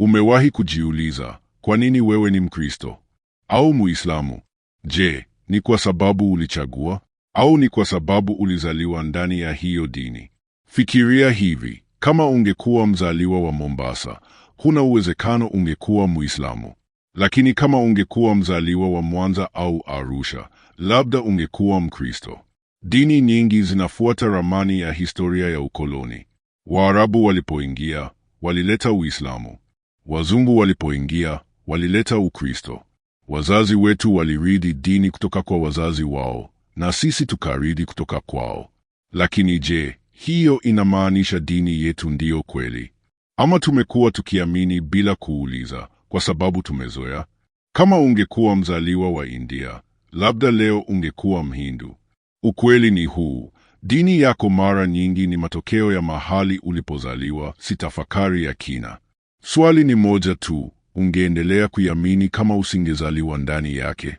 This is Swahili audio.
Umewahi kujiuliza kwa nini wewe ni Mkristo au Muislamu? Je, ni kwa sababu ulichagua au ni kwa sababu ulizaliwa ndani ya hiyo dini? Fikiria hivi, kama ungekuwa mzaliwa wa Mombasa, kuna uwezekano ungekuwa Muislamu, lakini kama ungekuwa mzaliwa wa Mwanza au Arusha, labda ungekuwa Mkristo. Dini nyingi zinafuata ramani ya historia ya ukoloni. Waarabu walipoingia, walileta Uislamu. Wazungu walipoingia walileta Ukristo. Wazazi wetu waliridi dini kutoka kwa wazazi wao na sisi tukaridi kutoka kwao. Lakini je, hiyo inamaanisha dini yetu ndiyo kweli? Ama tumekuwa tukiamini bila kuuliza kwa sababu tumezoea? Kama ungekuwa mzaliwa wa India, labda leo ungekuwa Mhindu. Ukweli ni huu: dini yako mara nyingi ni matokeo ya mahali ulipozaliwa, si tafakari ya kina. Swali ni moja tu, ungeendelea kuiamini kama usingezaliwa ndani yake?